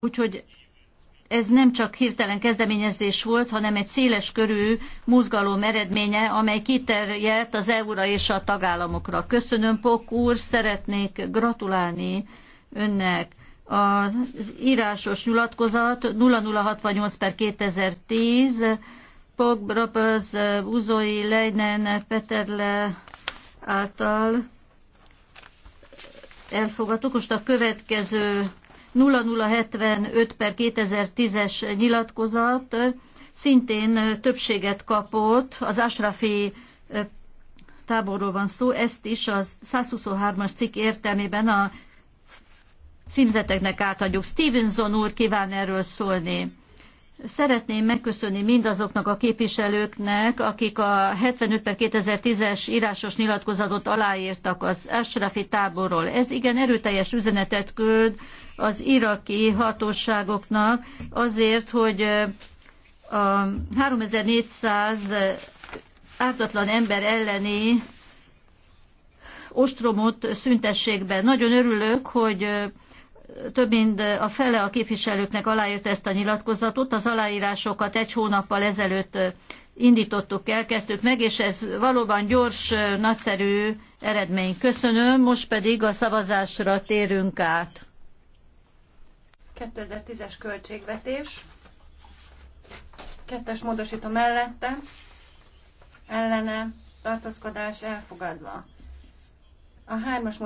Úgyhogy ez nem csak hirtelen kezdeményezés volt, hanem egy széles körű mozgalom eredménye, amely kiterjedt az EU-ra és a tagállamokra. Köszönöm, Pok úr, szeretnék gratulálni önnek. Az írásos nyilatkozat 0068 per 2010, Pok, Brapöz, Uzoi Leinen, Peterle által elfogadtuk. Most a következő 0075 per 2010-es nyilatkozat szintén többséget kapott, az Ásrafi táborról van szó, ezt is a 123-as cikk értelmében a címzeteknek átadjuk. Stevenson úr kíván erről szólni. Szeretném megköszönni mindazoknak a képviselőknek, akik a 75 per 2010-es írásos nyilatkozatot aláírtak az Ashrafi táborról. Ez igen erőteljes üzenetet küld az iraki hatóságoknak azért, hogy a 3400 ártatlan ember elleni ostromot szüntessék be. Nagyon örülök, hogy több mint a fele a képviselőknek aláírt ezt a nyilatkozatot. Az aláírásokat egy hónappal ezelőtt indítottuk el, kezdtük meg, és ez valóban gyors, nagyszerű eredmény. Köszönöm, most pedig a szavazásra térünk át. 2010-es költségvetés. Kettes módosító mellette. Ellene tartózkodás elfogadva. A hármas